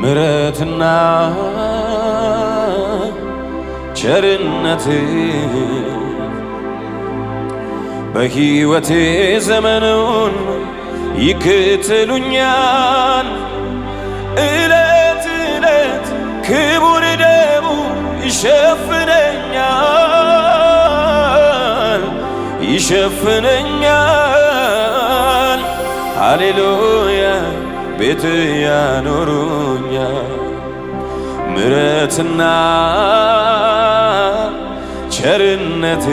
ምረትና ቸርነት በሕይወቴ ዘመኑን ይክትሉኛል እለት እለት ክቡር ደሙ ይሸፍነኛል ይሸፍነኛል ሃሌሉያ ቤት ያኖሩኛ ምረትና ቸርነት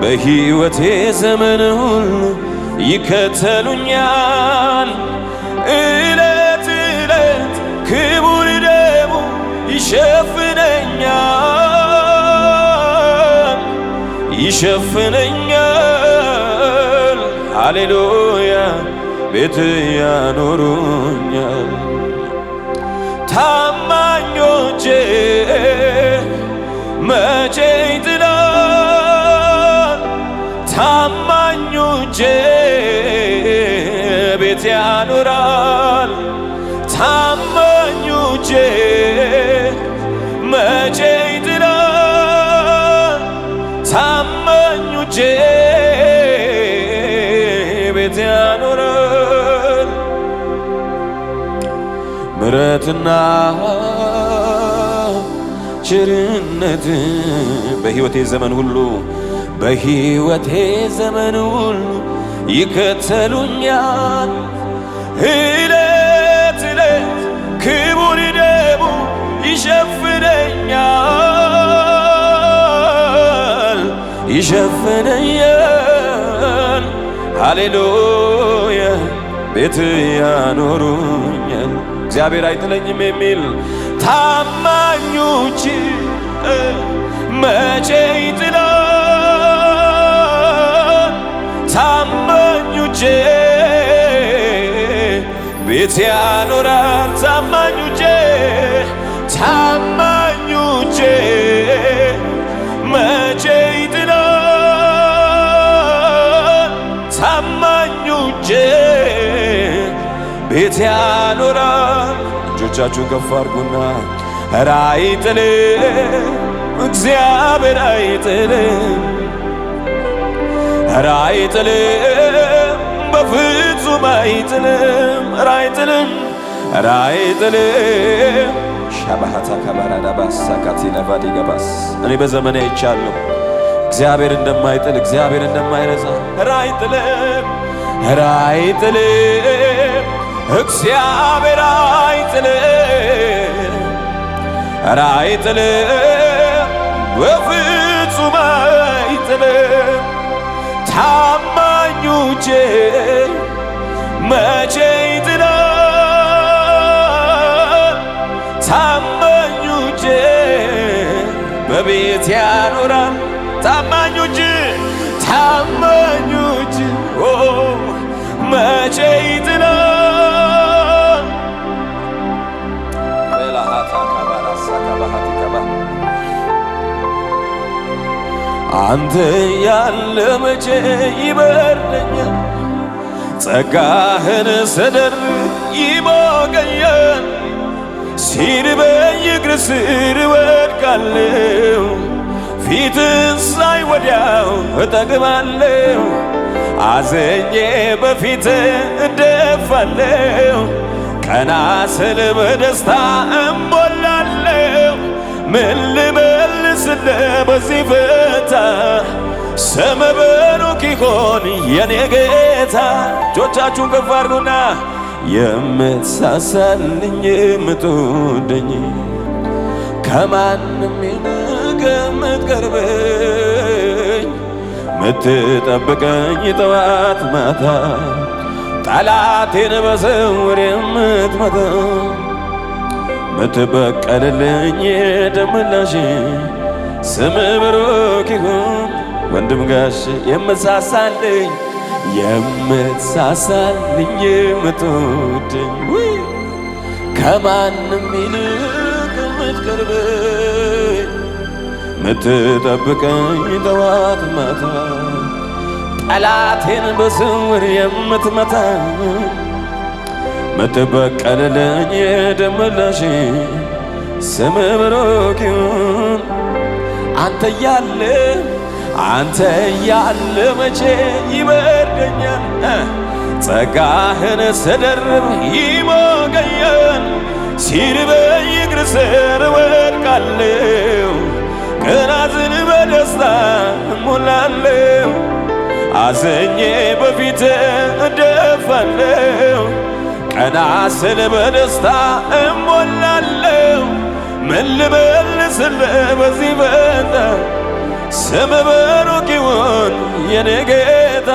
በሕይወቴ ዘመን ሁሉ ይከተሉኛል። እለት እለት ክቡር ደሙ ይሸፍነኛል ይሸፍነኛል። ሃሌሉያ ቤት ያኖሩኛል ታማኞቼ መቼ ይጥላል ታማኞቼ ቤት ያኖራል ምሕረትና ችርነት በሕይወቴ ዘመን ሁሉ በሕይወቴ ዘመን ሁሉ ይከተሉኛል። ዕለት እለት ክቡር ደሙ ይሸፍነኛል ይሸፍነኛል። ሃሌሉያ ቤት ያኖሩኝ እግዚአብሔር አይጥለኝም የሚል ታማኞች መቼ ይጥላል? ታማኞቼ ቤቴ ያኖራል። ታማኞች ታማኞች መቼ ይጥላል? ታማኞቼ ቤቴ ያኖራል እጆቻችሁ ከፍ አድርጉና ኧረ አይጥልም እግዚአብሔር አይጥልም፣ ኧረ አይጥልም በፍጹም አይጥልም፣ ኧረ አይጥልም፣ ኧረ አይጥልም። ሻባሃታ ካባራዳ ባሳካቲ ነቫዲ ገባስ እኔ በዘመኔ አይቻለሁ እግዚአብሔር እንደማይጥል እግዚአብሔር እንደማይረሳ ኧረ አይጥልም ኧረ አይጥልም እግዚአብሔር አይጥልም፣ ኧረ አይጥልም፣ በፍጹም ታማኙ ታማኙቼ መቼ አንተ ያለ መቼ ይበርደኛል? ጸጋህን ስደር ይሞቀኛል። ሲርበኝ እግር ስር ወድቃለሁ ፊትን ሳይ ወዲያው እጠግባለሁ። አዘኜ በፊት እደፋለሁ፣ ቀና ስል በደስታ እሞላለሁ። ምን አለ በዚህ ፈንታ ስም ብሩክ ይሆን የኔ ጌታ። እጆቻችሁን ከፍ አድርጉና የምትሳሳልኝ የምትወደኝ ከማንም ይልቅ የምትቀርበኝ ምትጠብቀኝ ጠዋት ማታ ጠላቴን በስውር የምትመታ ምትበቀልልኝ ደምላሽ ስም ብሩክ ይሁን ወንድም ጋሽ የምሳሳልኝ የምትሳሳልኝ የምትወደኝ ከማንም ይልቅ የምትቀርበኝ ምትጠብቀኝ ጠዋት ማታ ጠላቴን በስውር የምትመታ ምትበቀልለኝ የደመላሽ ስም ብሩክ ይሁን አንተ ያለ አንተ ያለ መቼ ይበርደኛል? ጸጋህን ስደርብ ይሞቀኛል። ሲርበኝ እግር ስር ወድቃለሁ፣ ግን በደስታ እሞላለሁ። አዘኜ በፊት እደፋለሁ፣ ቀና በደስታ እሞላለሁ። ምን ልበል በዚህ በ ስም ብሩክ ይሁን የኔ ጌታ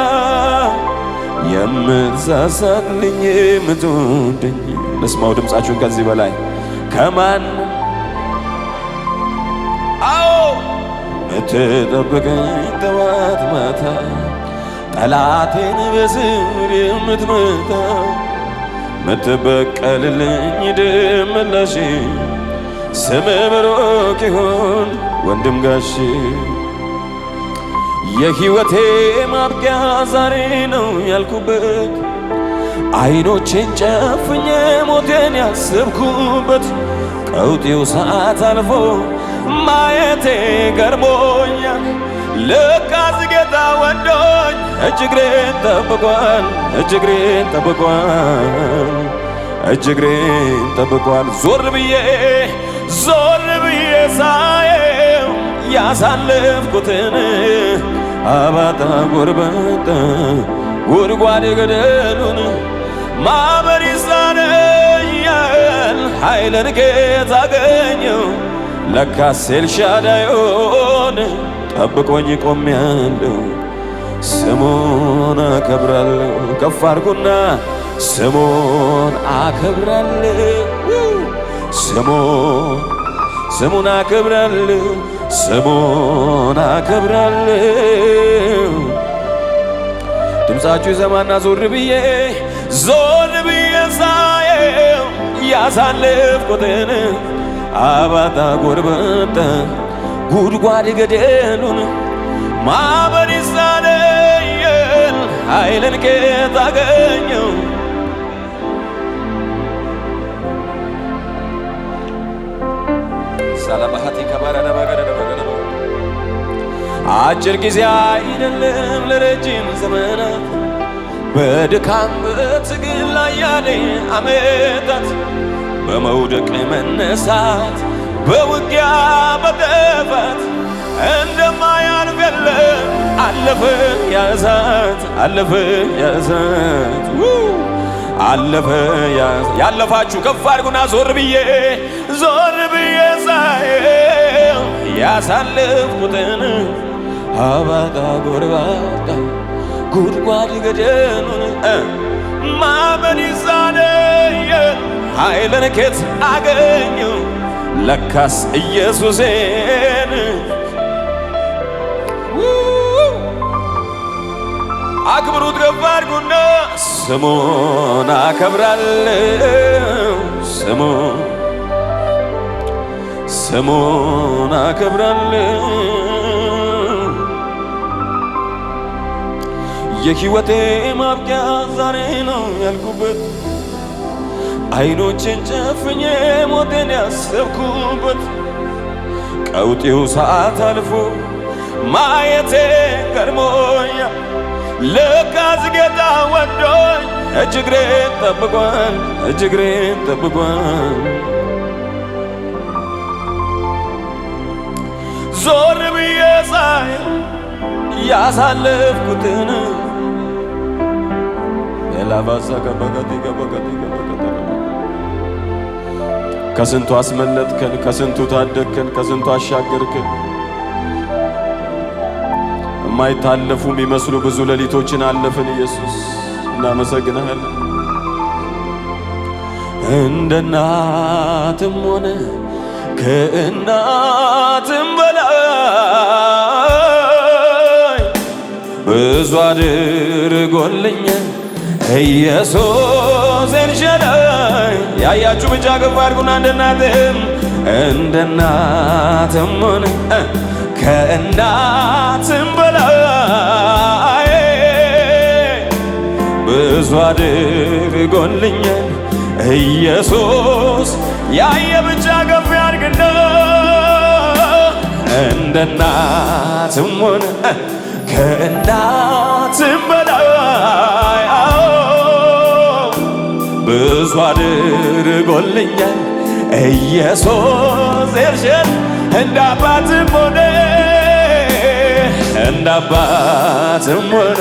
የምትሳሳልኝ የምትወደኝ ልስማው ድምፃችሁን ከዚህ በላይ ከማን አዎ ምትጠብቀኝ ጠዋት ማታ ጠላቴን በስር የምትመታ ምትበቀልልኝ ድመላሽ ስም ብሩክ ይሁን ወንድም ጋሼ የህይወቴ ማብቂያ ዛሬ ነው ያልኩበት አይኖቼን ጨፍኜ ሞቴን ያስብኩበት ቀውጢው ሰዓት አልፎ ማየቴ ገርሞኛል። ልካስ ጌታ ወንዶኝ እጅግሬን ጠብቋል እጅግሬን ጠብቋል እጅግሬን ጠብቋል። ዞር ብዬ ዞር ብዬ ሳየው ያሳለፍኩትን አባታ ጎርበጣ ጉድጓድ ገደሉን ማመር ይሳነኛል ኃይለን ከየት አገኘው? ለካስ ኤልሻዳዮን ጠብቆኝ ቆሜያለሁ ስሙን አከብራለሁ ከፍ አድርጉና ስሙን አከብራለሁ ስሙን ስሙን አከብራለሁ ስሙን አከብራለሁ። ድምፃችሁ ይሰማና ዞር ብዬ ዞር ብዬ ሳየው ያሳለፍኩትን አባጣ ጎርበጠ ጉድጓድ ገደሉን ማዕበል ኃይልን ከየት አገኘው? ዛላባሃት ከባራ አጭር ጊዜ አይደለም ለረጅም ዘመናት በድካም በትግል ላይ ያለ አመታት በመውደቅ መነሳት በውጊያ በጠፋት እንደማያልፍ የለም አለፈ ያዛት አለፈ ያዛት አለፈ ያለፋችሁ ከፍ አድርጉና ዞር ብዬ ዞር ብዬ ሳይ ያሳለፍኩትን አባጣ ጎርባጣ ጉድጓድ ገደኑን ማመን ይሳነየ ኃይልን ከየት አገኘው ለካስ ኢየሱሴን አክብሩት ገባ አድርጉና ስሙን አከብራለሁ ስሙን ስሙን አከብራለሁ የሕይወቴ ማብቂያ ዛሬ ነው ያልኩበት አይኖችን ጨፍኜ ሞቴን ያሰብኩበት ቀውጢው ሰዓት አልፎ ማየቴ ገርሞኛል ለካስ ጌታ ወዶኝ እጅግሬ ጠብቋል እጅግሬን ጠብቋል። ዞር ብዬ ሳይ ያሳለፍኩትን ከስንቱ አስመለጥከን ከስንቱ ታደግከን ከስንቱ አሻገርከን? የማይታለፉ የሚመስሉ ብዙ ሌሊቶችን አለፍን። ኢየሱስ እናመሰግንሃል። እንደ እናትም ሆነ ከእናትም በላይ ብዙ አድርጎልኝ ኢየሱስ እንሸላይ ያያችሁ ብቻ ገፋ አድርጉና እንደ እናትም እንደ እናትም ሆነ ከእናትም በላይ ብዙ አድርጎልኛል ኢየሱስ ያየ ብቻ ከፍ ያድርግና እንደ እናትም ሆነ ከእናትም በላይ ብዙ አድርጎልኛል ኢየሱስ እርሽን እንደ አባትም ሆነ እንደ አባትም ሆነ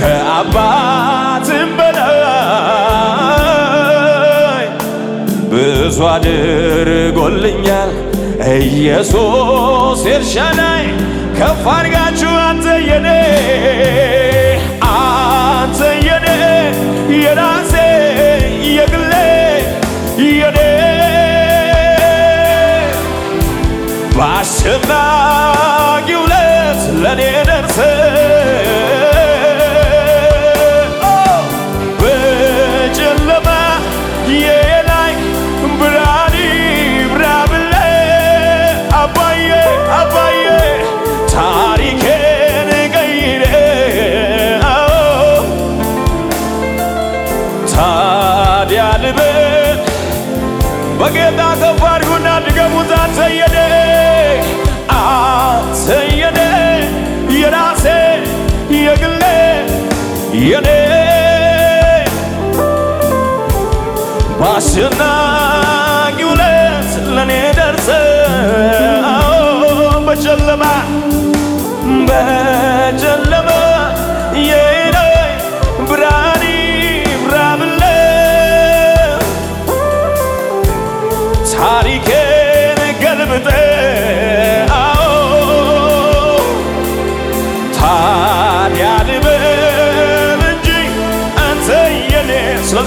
ከአባትም በላይ ብዙ አድርጎልኛል። ኢየሱስ ኤልሻዳይ ከፍ አድርጋችሁ አንተ የኔ ጭማቂው ለት ለኔ ደርሰ በጨለማ የላይ ብርሃን ይብራ ብለ አባዬ ታዲያ ልበል በጌታ ድገሙት የራሴ የግሌ የኔ ባስና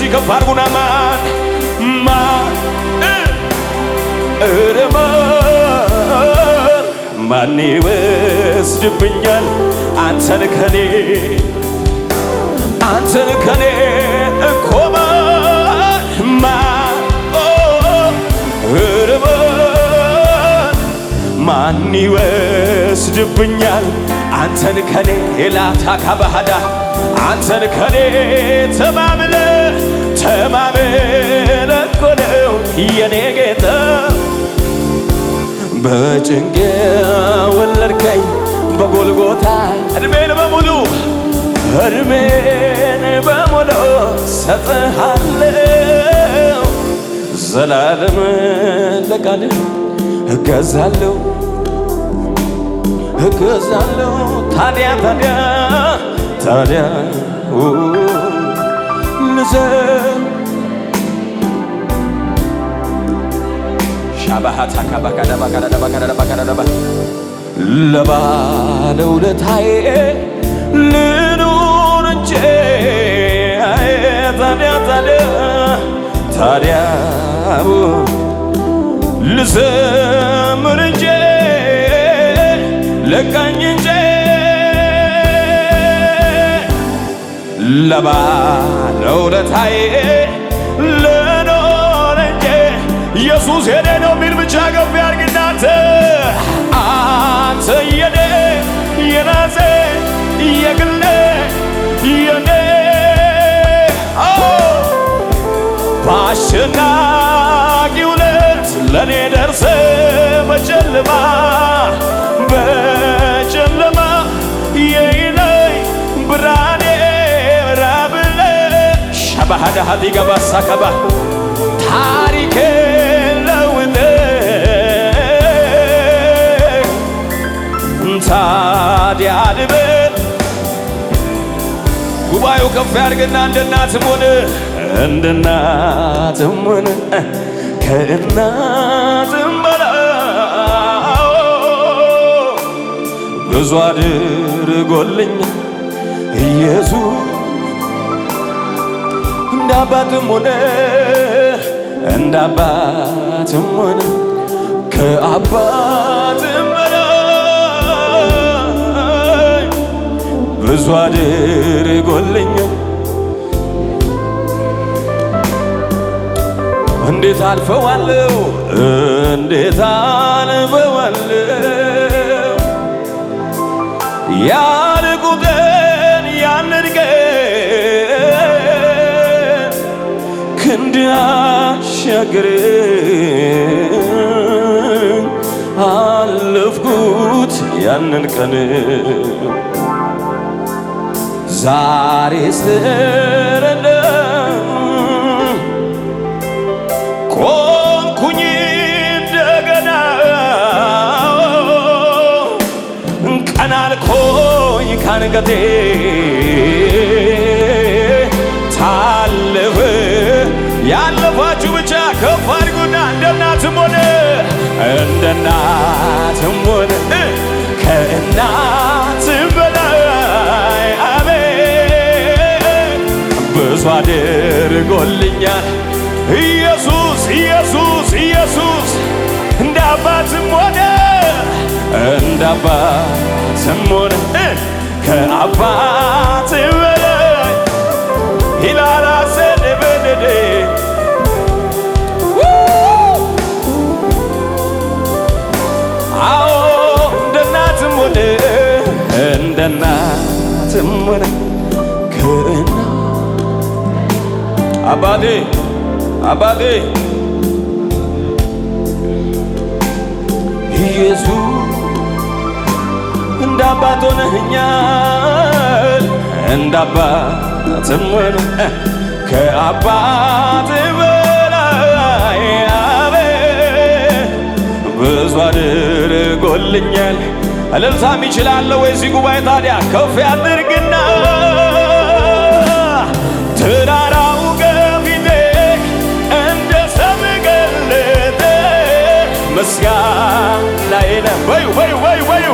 እዚህ ከፍ አድርጉና ማን ማን ኧረ ማን ማን ይወስድብኛል አንተን ከኔ አንተን ከኔ እኮ ማን ማን ኧረ ማን ይወስድብኛል አንተን ከኔ ኤላታ ካባሃዳ አንተን ከኔ ተማምለህ ተማመን እኮ ነው የኔ ጌታ በጭንቄ ወለድከኝ በጎልጎታ እድሜን በሙሉ እድሜን በሙሉ ሰጥሃለው ዘላለም ለቃል እገዛለሁ እገዛለሁ ታዲያ ታዲያ ታዲያ ልዘም ሻባሃታካባካዳባካዳባካዳባካዳባ ለባለውለታዬ ልኑር እንጂ ታዲያ ታዲያ ታዲያ ልዘምር እንጂ ለቃኝ እንጂ ለባ ለውለታዬ ልኖር እንጂ ኢየሱስ የኔ ነው የሚል ብቻ ከፍ ያድርግ። እናንተ አንተ የኔ የራሴ የግሌ የኔ በአሸናቂው ሌሊት ለእኔ ደርሰህ በጨለማ ዳዳ ሀዲገባ ሳከባ ታሪክ ለውጥ ታዲያ ልበል ጉባኤው ከፍ ያድርግና እንደ እናትም ሆነ እንደ እናትም ሆነ ከእናትም በላይ ብዙ አድርጎልኝ ኢየሱስ አባትም ሆነ እንደ አባትም ሆነ ከአባትም በላይ ብዙ አድርጎልኛል። እንዴት አልፈዋለሁ፣ እንዴት አልፈዋለሁ ያልቁ እንዲያሻግረኝ አለፍኩት ያንን ቀን ዛሬ ስትረዳ ቆምኩኝ እንደገና ቀናልኮኝ ካንገቴ ከእናትም ሆነ ከእናትም በላይ አሜን ብዙ አድርጎልኛል ኢየሱስ ኢየሱስ ኢየሱስ እንደ አባትም ሆነ እንደ አባትም ሆነ ከአባት በላይ ይላል ከእናትም ሆነ ከእና አባቴ አባቴ ኢየሱስ እንደ አባት ሆነህኛል እንደ አባትም ሆነ ከአባት በላይ አቤ ብዙ አድርጎልኛል እልልታም ይችላለሁ ወይዚህ ጉባኤ ታዲያ ከፍ ያድርግና ተራራው ከፊቴ እንደ ሰም ገለጠ። ምስጋናዬ ነህ በዩ በዩ በዩ በዩ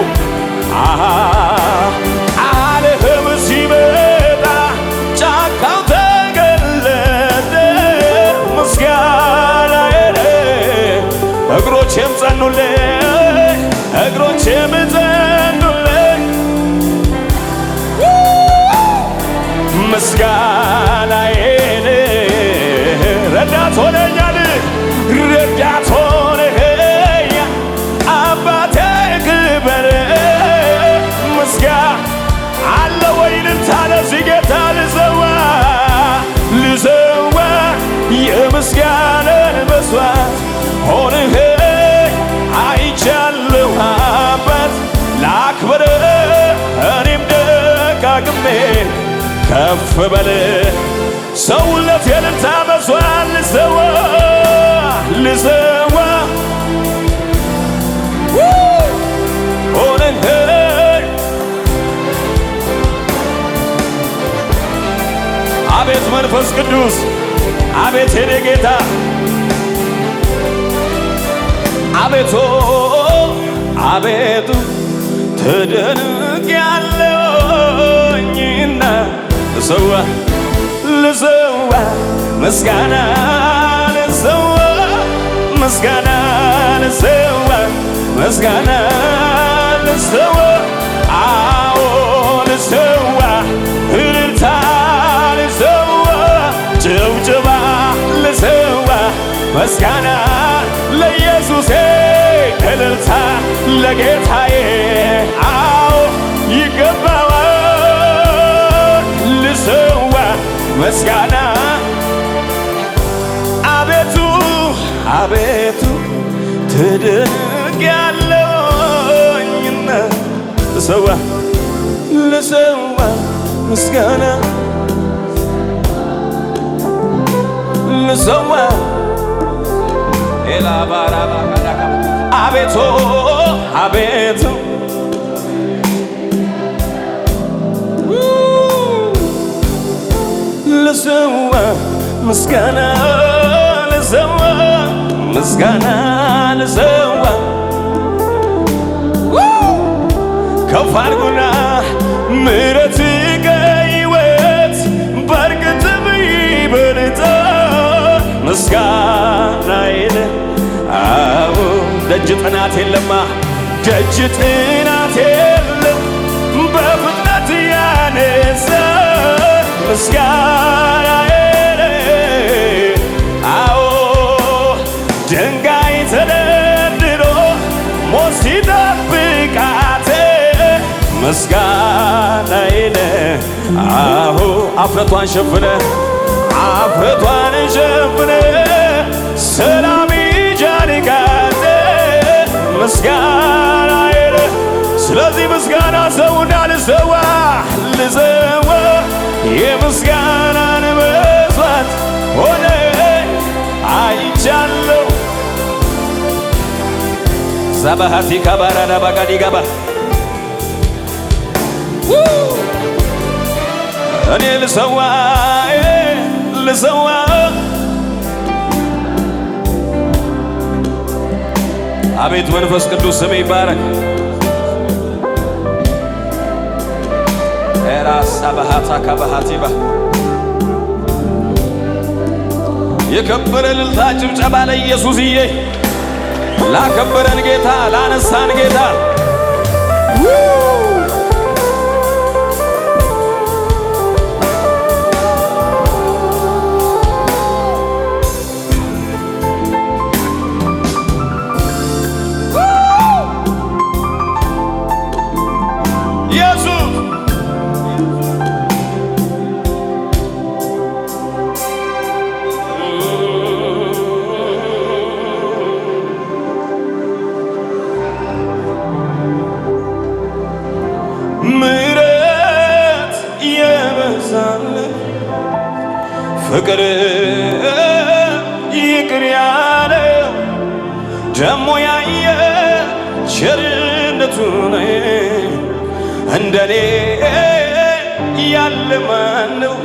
ወንድሜ ከፍ በል ሰውለት የልልታ በሷል ልሰዋ ልሰዋ አቤት መንፈስ ቅዱስ አቤት ሄደ ጌታ አቤቶ አቤቱ ትደንቅ ትደንቅያ ልሂድና ልሰዋ ልሰዋ ምስጋና ልሰዋ ምስጋና ልሰዋ ምስጋና ልሰዋ አዎ ልሰዋ እልልታ ልሰዋ ጭብጭባ ልሰዋ ምስጋና ለኢየሱሴ እልልታ ለጌታዬ አዎ ይገባ ምስጋና አቤቱ አቤቱ ትድንቅ ያለውኝና ልሰዋ ልሰዋ ምስጋና ልሰዋ ሌላ ባራ አቤቱ አቤቱ ልስዋ ምስጋና ልሰዋ ምስጋና ልሰዋ ከፍ አድርጉና ምረት ከህይወት በርግጥም ይበልጣ ምስጋናዬን አዎ ደጅ ጥናት የለማ ደጅ ጥናት የለ ምስጋና አዎ ድንጋይ ተደርድሮ ሞት ሲጠብቃት ምስጋና አሁ አፍረቷን ሸፍነ አፍረቷን ሸፍነ ሰላም ይጃሪጋት ምስጋና ስለዚህ ምስጋና ሰው እንዳልሰዋ ልዘው የምስጋናን ብዛት ሆነ አይቻለሁ። ዘባሃቲ ከባራዳ ባጋዲ ገባ እኔ ልሰዋ ልሰዋ አቤት መንፈስ ቅዱስ ስም ይባረክ። ራሳ ባህታ ከባሃቲባ የከበረ ልልታ ጭብጨባ ለኢየሱስዬ ላከበረን ጌታ ላነሳን ጌታ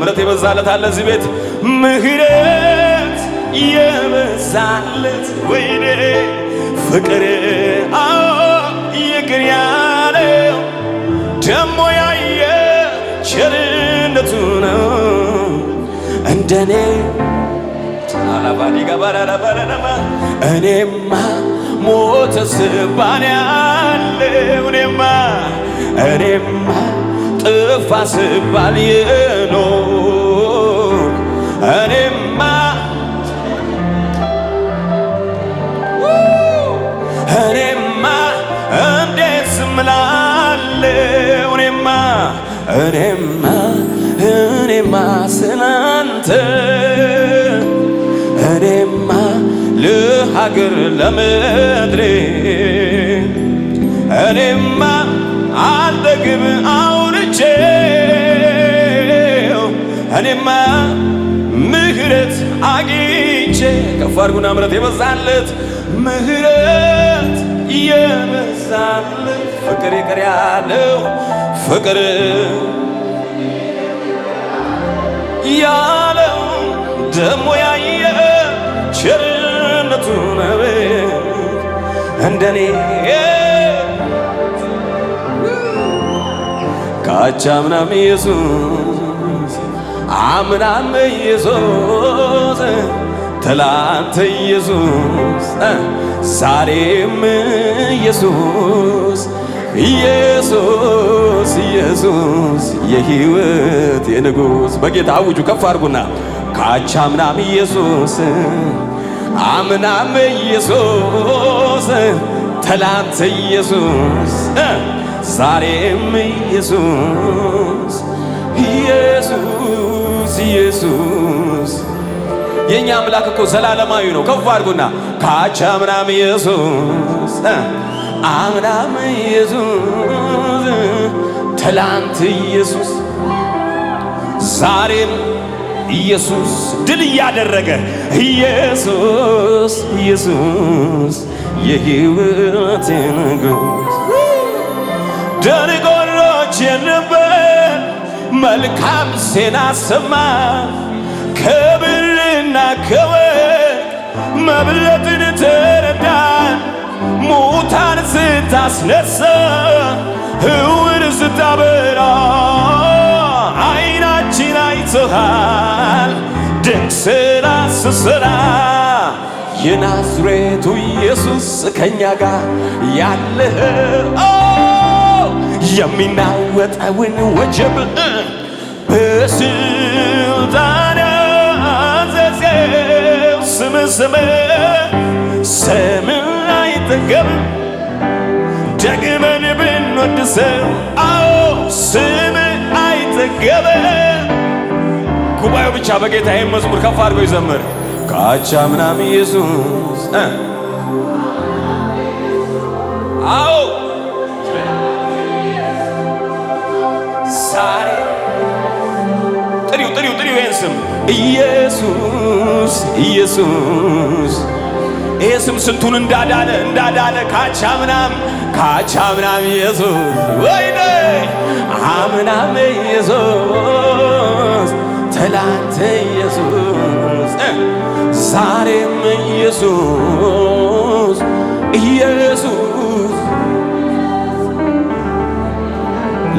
ምረት የበዛለት አለ እዚህ ቤት ምህረት የበዛለት ወይኔ ፍቅር ይቅር ያለው ደሞ ያየ ቸርነቱ ነው እንደኔ እኔማ ሞተ ስባን ያለው እኔማ እኔማ ጠፋ ስባል የኖር እኔማ እኔማ እንዴት ስምላለው እኔማ እኔማ እኔማ ስላንተ እኔማ ለሀገር ለምድሬ እኔማ አልጠግብ እኔማ ምህረት አግኝቼ ከፍ አድርጉና ምረት የበዛለት ምህረት የበዛለት ፍቅር ይቅር ያለው ፍቅር ያለው ደሞ ያየ ቸርነቱ ነው እንደኔ ካቻምናም ኢየሱስ አምናም ኢየሱስ ትላንት ኢየሱስ ዛሬም ኢየሱስ ኢየሱስ ኢየሱስ የሕይወት የንጉሥ በጌታ አውጁ ከፍ አድርጉና ካቻ አምናም ኢየሱስ አምናም ኢየሱስ ትላንት ኢየሱስ ዛሬም ኢየሱስ ኢየሱስ ኢየሱስ የኛ አምላክ እኮ ዘላለማዊ ነው። ከፍ አድርጉና ካች አምናም ኢየሱስ አምናም ኢየሱስ ትላንት ኢየሱስ ዛሬም ኢየሱስ ድል እያደረገ ኢየሱስ ኢየሱስ የሕይወቴ ንጉሥ ደንቆሮች የነበር መልካም ዜና ሰማ ከብርና ከወርቅ መብለጥን ተረዳን። ሙታን ስታስነሳ እውር ስታበራ አይናችን አይተሃል ድንቅ ስራ ስሰራ የናዝሬቱ ኢየሱስ ከእኛ ጋር ያለህ የሚናወጠውን ወጀብ በስልጣን አዘዘው። ስም ስም ስምን አይጠገብም ደግመን ብንወድሰው፣ አዎ ስም አይጠገብም። ጉባኤው ብቻ በጌታ ይህም መዝሙር ከፍ አድርገው ይዘምር ካቻምናም ኢየሱስ አዎ ኢየሱስ ኢየሱስ ኢየሱስ ይሄ ስም ስንቱን እንዳዳነ እንዳዳነ ካቻምናም ካቻምናም ኢየሱስ ወይኔ አምናም ኢየሱስ ትላንት ኢየሱስ ዛሬም ኢየሱስ ኢየሱስ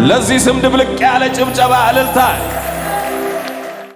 ለዚህ ስም ድብልቅ ያለ ጭብጨባ እልልታ